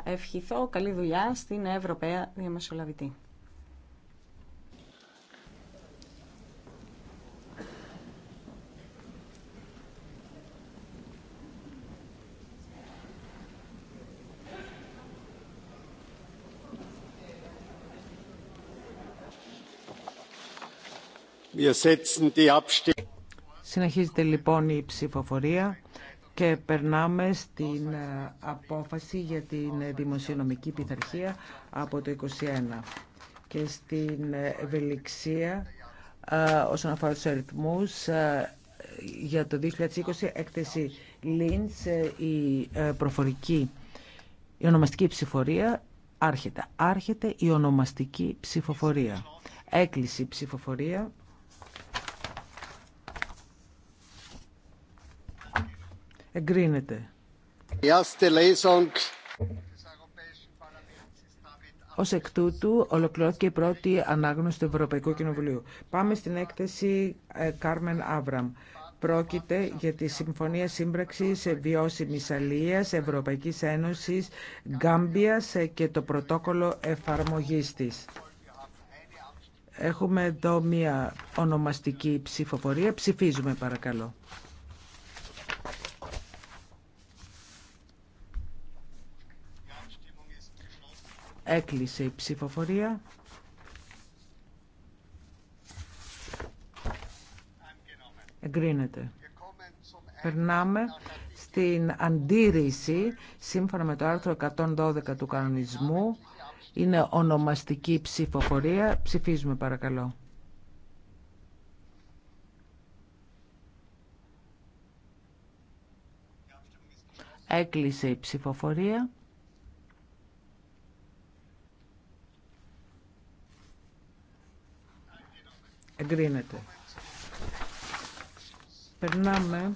ευχηθώ καλή δουλειά στην Ευρωπαία Διαμεσολαβητή. Συνεχίζεται λοιπόν η ψηφοφορία. Και περνάμε στην ε, απόφαση για την ε, δημοσιονομική πειθαρχία από το 2021 και στην ε, ευελιξία όσον αφορά τους αριθμούς για το 2020 έκθεση Λίντς η προφορική ονομαστική ψηφορία άρχεται. Άρχεται η ονομαστική ψηφοφορία. Έκλειση ψηφοφορία. Εγκρίνεται. Ω εκ τούτου, ολοκληρώθηκε η πρώτη ανάγνωση του Ευρωπαϊκού Κοινοβουλίου. Πάμε στην έκθεση ε, Κάρμεν Άβραμ. Πρόκειται για τη Συμφωνία Σύμπραξη Βιώσιμη Αλία Ευρωπαϊκή Ένωση Γκάμπια ε, και το πρωτόκολλο εφαρμογή τη. Έχουμε εδώ μία ονομαστική ψηφοφορία. Ψηφίζουμε παρακαλώ. Έκλεισε η ψηφοφορία. Εγκρίνεται. Περνάμε στην αντίρρηση, σύμφωνα με το άρθρο 112 του κανονισμού, είναι ονομαστική ψηφοφορία. Ψηφίζουμε παρακαλώ. Έκλεισε η ψηφοφορία. Εγκρίνεται. Περνάμε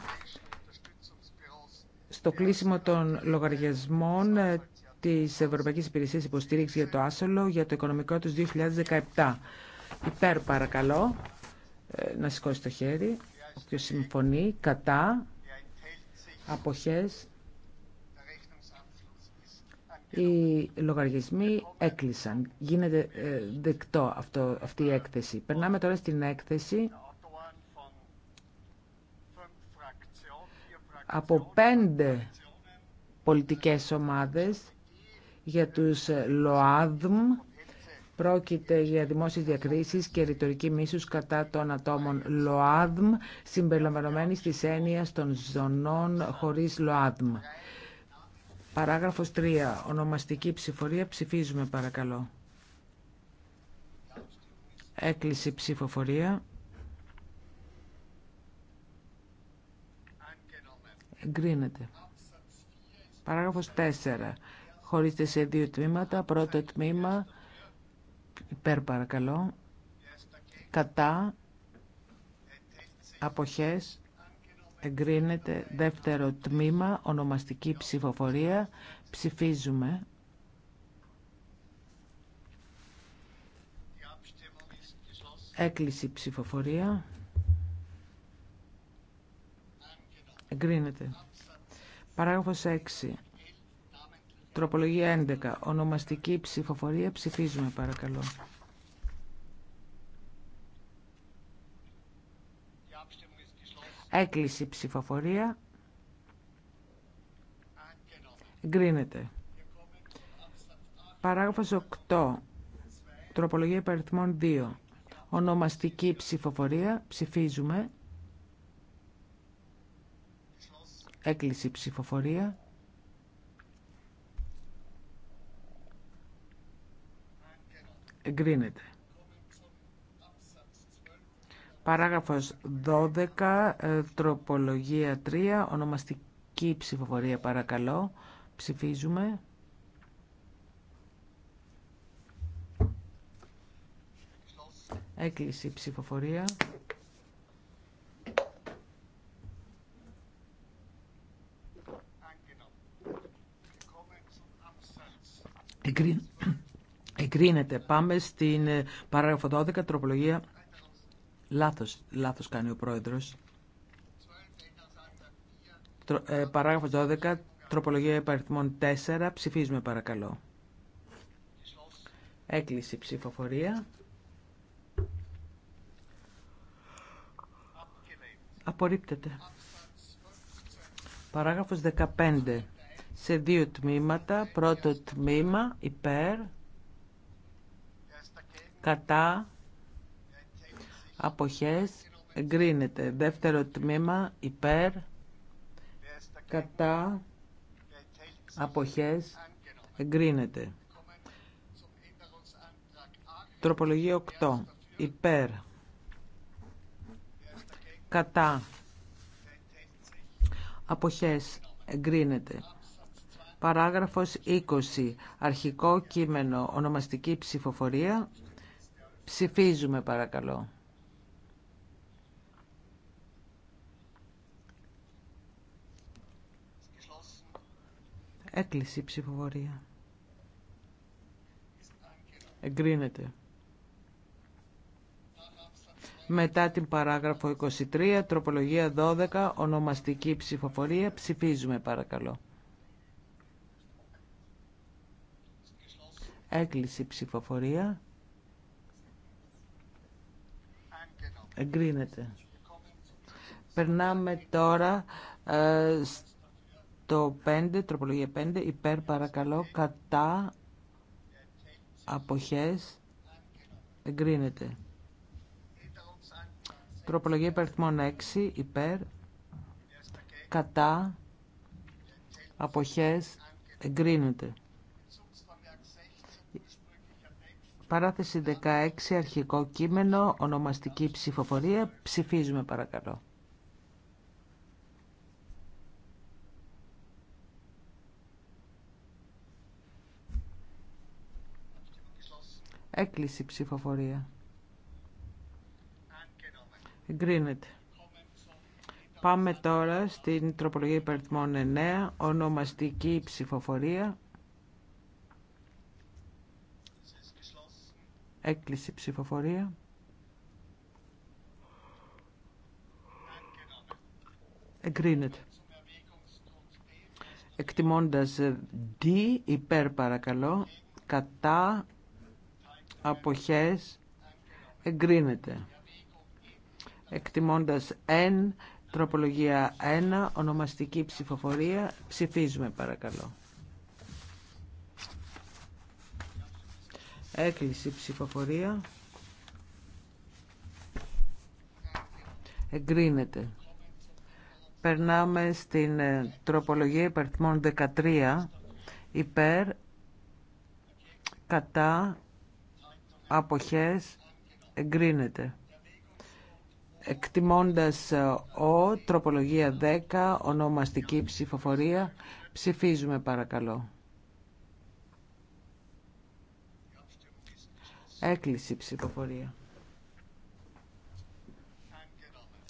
στο κλείσιμο των λογαριασμών ε, της Ευρωπαϊκής Υπηρεσίας Υποστήριξης για το Άσολο για το οικονομικό του 2017. Υπέρ παρακαλώ ε, να σηκώσει το χέρι. Όποιος συμφωνεί, κατά, αποχές, οι λογαριασμοί έκλεισαν. Γίνεται ε, δεκτό αυτό, αυτή η έκθεση. Περνάμε τώρα στην έκθεση από πέντε πολιτικές ομάδες για τους ΛΟΑΔΜ. Πρόκειται για δημόσιες διακρίσεις και ρητορική μίσους κατά των ατόμων ΛΟΑΔΜ συμπεριλαμβανομένης της έννοιας των ζωνών χωρίς ΛΟΑΔΜ. Παράγραφος 3. Ονομαστική ψηφορία. Ψηφίζουμε παρακαλώ. Έκλειση ψηφοφορία. Εγκρίνεται. Παράγραφος 4. Χωρίστε σε δύο τμήματα. Πρώτο τμήμα. Υπέρ παρακαλώ. Κατά. Αποχές εγκρίνεται δεύτερο τμήμα, ονομαστική ψηφοφορία. Ψηφίζουμε. Έκλειση ψηφοφορία. Εγκρίνεται. Παράγραφος 6. Τροπολογία 11. Ονομαστική ψηφοφορία. Ψηφίζουμε παρακαλώ. Έκλειση ψηφοφορία. Εγκρίνεται. Παράγραφος 8. Τροπολογία υπεριθμών 2. Ονομαστική ψηφοφορία. Ψηφίζουμε. Έκλειση ψηφοφορία. Εγκρίνεται. Παράγραφος 12, ε, τροπολογία 3, ονομαστική ψηφοφορία παρακαλώ. Ψηφίζουμε. Έκλεισε η ψηφοφορία. Εγκρίνεται. Πάμε στην ε, παράγραφο 12, τροπολογία Λάθος, λάθος κάνει ο πρόεδρος. Ε, παράγραφος 12, τροπολογία υπαριθμών 4, ψηφίζουμε παρακαλώ. Έκλεισε ψηφοφορία. Απορρίπτεται. Παράγραφος 15. Σε δύο τμήματα. Πρώτο τμήμα υπέρ, κατά, αποχές εγκρίνεται. Δεύτερο τμήμα υπέρ κατά αποχές εγκρίνεται. Τροπολογία 8 υπέρ κατά αποχές εγκρίνεται. Παράγραφος 20. Αρχικό κείμενο ονομαστική ψηφοφορία. Ψηφίζουμε παρακαλώ. Έκλεισε η ψηφοφορία. Εγκρίνεται. Μετά την παράγραφο 23, τροπολογία 12, ονομαστική ψηφοφορία, ψηφίζουμε παρακαλώ. Έκλεισε η ψηφοφορία. Εγκρίνεται. Περνάμε τώρα ε, το 5, τροπολογία 5, υπέρ παρακαλώ, κατά αποχές εγκρίνεται. Τροπολογία υπερθμών 6, υπέρ, κατά, αποχές, εγκρίνεται. Παράθεση 16, αρχικό κείμενο, ονομαστική ψηφοφορία. Ψηφίζουμε παρακαλώ. Έκλεισε η ψηφοφορία. Εγκρίνεται. Πάμε τώρα στην τροπολογία υπαριθμών 9, ονομαστική ψηφοφορία. Έκλεισε η ψηφοφορία. Εγκρίνεται. Εκτιμώντας ε, D, υπέρ παρακαλώ, κατά αποχές εγκρίνεται. Εκτιμώντας εν, τροπολογία 1, ονομαστική ψηφοφορία, ψηφίζουμε παρακαλώ. Έκλειση ψηφοφορία. Εγκρίνεται. Περνάμε στην ε, τροπολογία υπερθμών 13 υπέρ κατά αποχές εγκρίνεται. Εκτιμώντας ε, ο, τροπολογία 10, ονομαστική ψηφοφορία, ψηφίζουμε παρακαλώ. Έκλειση ψηφοφορία.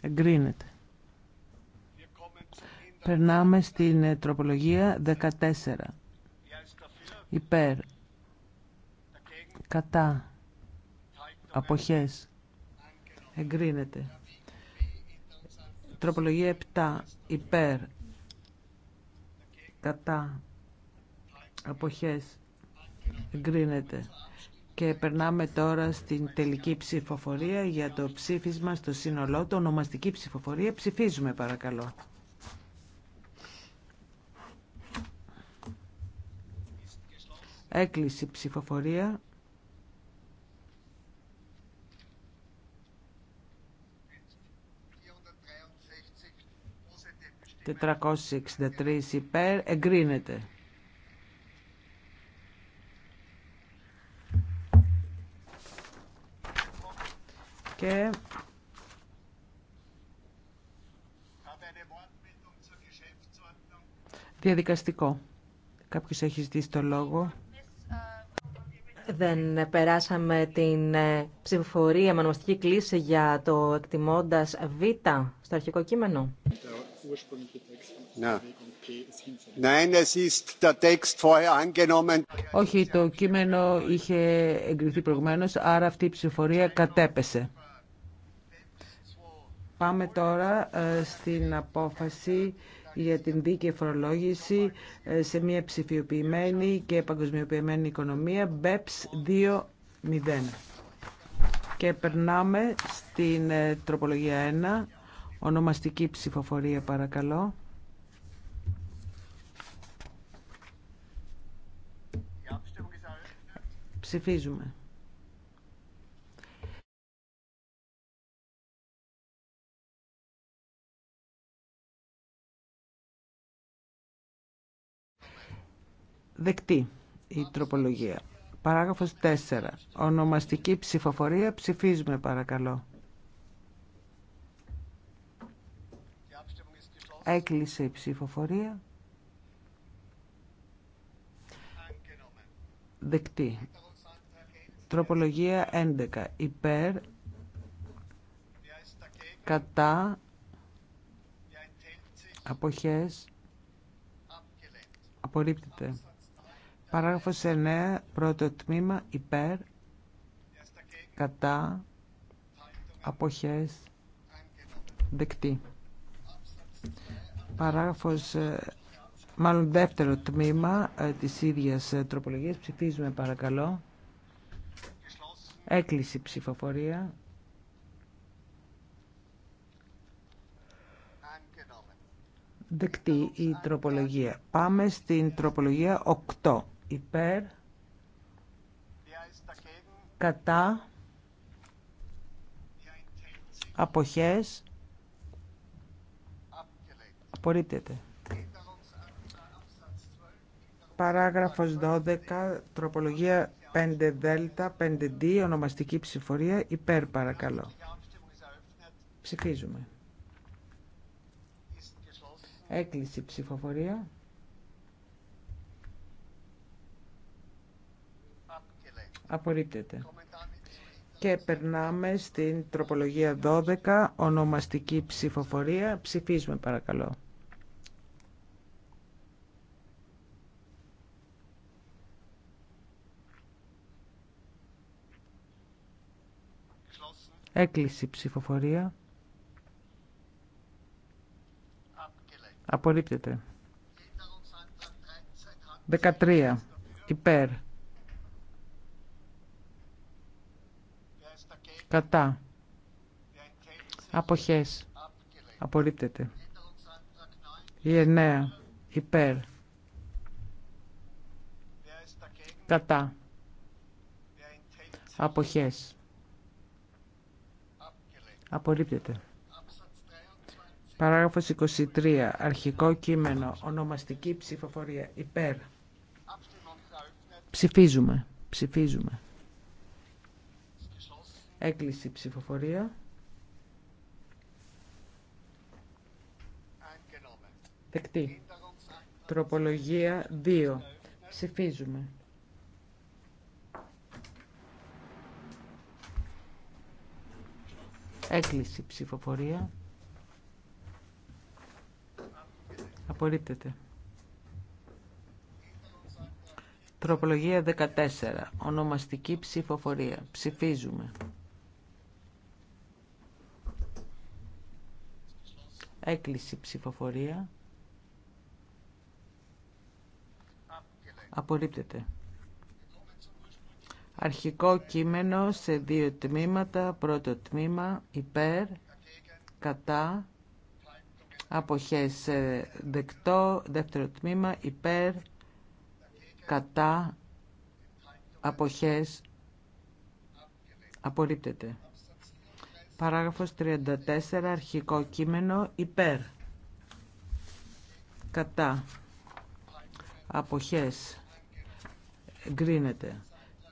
Εγκρίνεται. Περνάμε στην ε, τροπολογία 14. Υπέρ. Κατά αποχές εγκρίνεται τροπολογία 7 υπέρ κατά αποχές εγκρίνεται και περνάμε τώρα στην τελική ψηφοφορία για το ψήφισμα στο σύνολό του, ονομαστική ψηφοφορία. Ψηφίζουμε παρακαλώ. Έκλειση ψηφοφορία. 463 υπέρ εγκρίνεται. Και διαδικαστικό. Κάποιος έχει ζητήσει το λόγο. Δεν περάσαμε την ε, ψηφοφορία με ονομαστική κλίση για το εκτιμώντας Β στο αρχικό κείμενο. Όχι, το κείμενο είχε εγκριθεί προηγουμένως, άρα αυτή η ψηφορία κατέπεσε. Πάμε τώρα ε, στην απόφαση για την δίκαιη φορολόγηση ε, σε μια ψηφιοποιημένη και παγκοσμιοποιημένη οικονομία BEPS 2.0. Και περνάμε στην ε, τροπολογία 1 Ονομαστική ψηφοφορία παρακαλώ. Ψηφίζουμε. Δεκτή η τροπολογία. Παράγραφος 4. Ονομαστική ψηφοφορία. Ψηφίζουμε παρακαλώ. Έκλεισε η ψηφοφορία. Δεκτή. Τροπολογία 11. Υπέρ. Κατά. Αποχές. Απορρίπτεται. Παράγραφος 9. Πρώτο τμήμα. Υπέρ. Κατά. Αποχές. Δεκτή. Παράγραφος, ε, μάλλον δεύτερο τμήμα ε, της ίδιας ε, τροπολογίας. Ψηφίζουμε παρακαλώ. Έκλειση ψηφοφορία. Δεκτή η τροπολογία. Πάμε στην τροπολογία 8. Υπέρ, κατά, αποχές, Απορρίπτεται. Παράγραφος 12, τροπολογία 5 5Δ, 5 D, ονομαστική ψηφορία, υπέρ παρακαλώ. Ψηφίζουμε. Έκλειση ψηφοφορία. Απορρίπτεται. Και περνάμε στην τροπολογία 12, ονομαστική ψηφοφορία. Ψηφίζουμε παρακαλώ. Έκλειση ψηφοφορία. Απορρίπτεται. 13. Υπέρ. Κατά. Αποχές. Απορρίπτεται. Η εννέα. Υπέρ. Κατά. Αποχές. Απορρίπτεται. Παράγραφος 23. Αρχικό κείμενο. Ονομαστική ψηφοφορία. Υπέρ. Ψηφίζουμε. Ψηφίζουμε. Έκλειση ψηφοφορία. Δεκτή. Τροπολογία 2. Ψηφίζουμε. Έκλεισε ψηφοφορία. Απορρίπτεται. Τροπολογία 14. Ονομαστική ψηφοφορία. Ψηφίζουμε. Έκλεισε ψηφοφορία. Απορρίπτεται. Αρχικό κείμενο σε δύο τμήματα. Πρώτο τμήμα υπέρ, κατά, αποχές ε, δεκτό. Δεύτερο τμήμα υπέρ, κατά, αποχές απορρίπτεται. Παράγραφος 34. Αρχικό κείμενο υπέρ, κατά, αποχές γκρίνεται.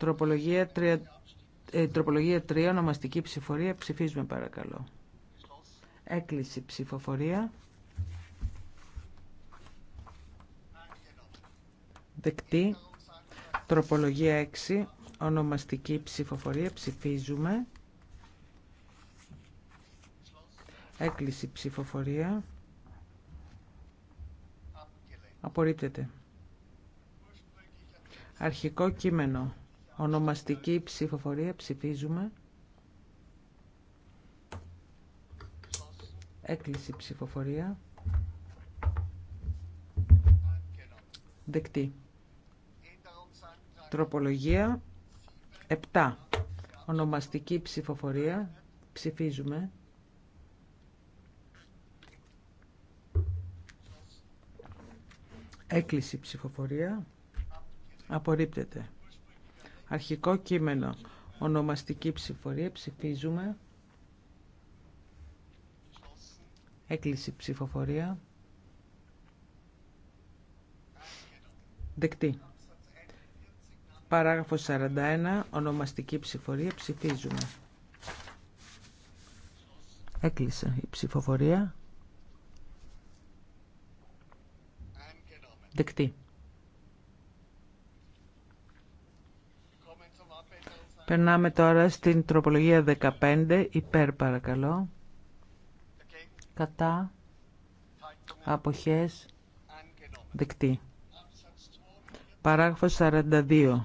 Τροπολογία 3, ε, τροπολογία 3 ονομαστική ψηφορία. Ψηφίζουμε παρακαλώ. Έκλειση ψηφοφορία. Δεκτή. Τροπολογία 6 ονομαστική ψηφοφορία. Ψηφίζουμε. Έκλειση ψηφοφορία. Απορρίπτεται. Αρχικό κείμενο. Ονομαστική ψηφοφορία ψηφίζουμε. Έκλειση ψηφοφορία. Δεκτή. Τροπολογία 7. Ονομαστική ψηφοφορία. Ψηφίζουμε. Έκλειση ψηφοφορία. Απορρίπτεται. Αρχικό κείμενο. Ονομαστική ψηφορία. Ψηφίζουμε. Έκλειση ψηφοφορία. Δεκτή. Παράγραφο 41. Ονομαστική ψηφορία. Ψηφίζουμε. Έκλεισε η ψηφοφορία. Δεκτή. Περνάμε τώρα στην τροπολογία 15, υπέρ παρακαλώ. Κατά, αποχές, δεκτή. Παράγραφος 42.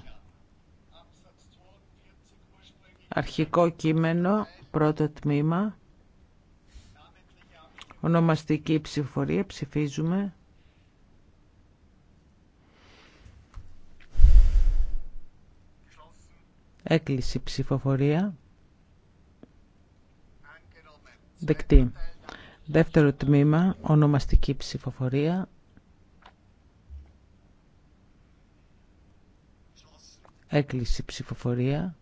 Αρχικό κείμενο, πρώτο τμήμα. Ονομαστική ψηφορία, ψηφίζουμε. Έκλειση ψηφοφορία. Δεκτή. Δεύτερο τμήμα, ονομαστική ψηφοφορία. Έκλειση ψηφοφορία.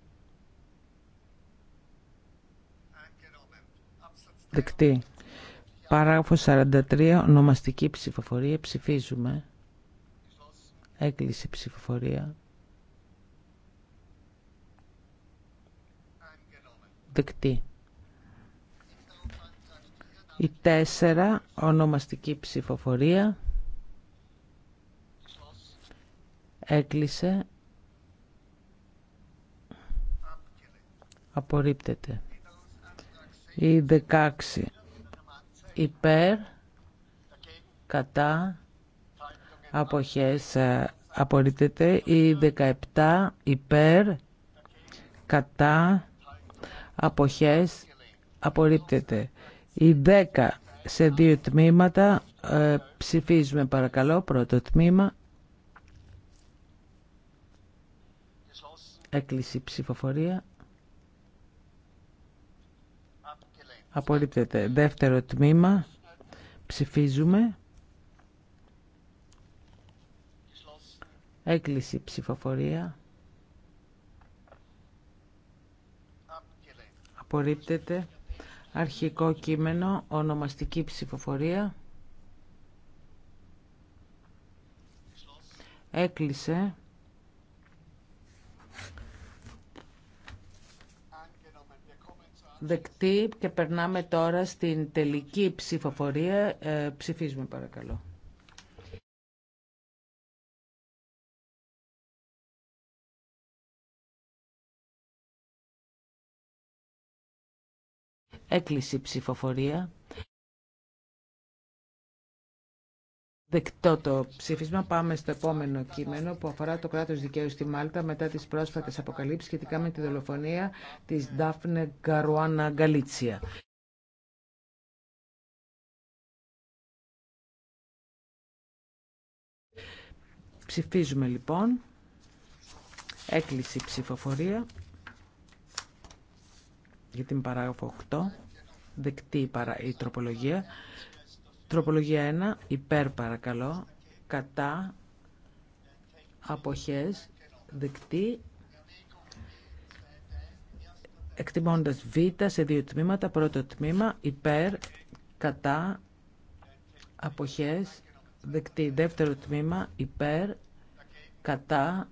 Δεκτή. Παράγραφος 43, ονομαστική ψηφοφορία. Ψηφίζουμε. Έκλειση ψηφοφορία. δεκτή. Η τέσσερα ονομαστική ψηφοφορία έκλεισε απορρίπτεται. Η 16 υπέρ κατά αποχές ε, απορρίπτεται. Η δεκαεπτά υπέρ κατά αποχές απορρίπτεται. Η 10 σε δύο τμήματα ε, ψηφίζουμε παρακαλώ πρώτο τμήμα. Έκλειση ψηφοφορία. Απορρίπτεται. Δεύτερο τμήμα. Ψηφίζουμε. Έκλειση ψηφοφορία. Απορρίπτεται. Αρχικό κείμενο, ονομαστική ψηφοφορία. Έκλεισε. Δεκτή και περνάμε τώρα στην τελική ψηφοφορία. Ε, ψηφίζουμε παρακαλώ. Έκλεισε ψηφοφορία. Δεκτό το ψήφισμα. Πάμε στο επόμενο κείμενο που αφορά το κράτος δικαίου στη Μάλτα μετά τις πρόσφατες αποκαλύψεις σχετικά με τη δολοφονία της Ντάφνε Γκαρουάνα Γκαλίτσια. Ψηφίζουμε λοιπόν. Έκλεισε ψηφοφορία για την παράγραφο 8 δεκτή παρα, η τροπολογία. Τροπολογία 1, υπέρ παρακαλώ, κατά, αποχές, δεκτή, εκτιμώντας β σε δύο τμήματα, πρώτο τμήμα, υπέρ, κατά, αποχές, δεκτή, δεύτερο τμήμα, υπέρ, κατά,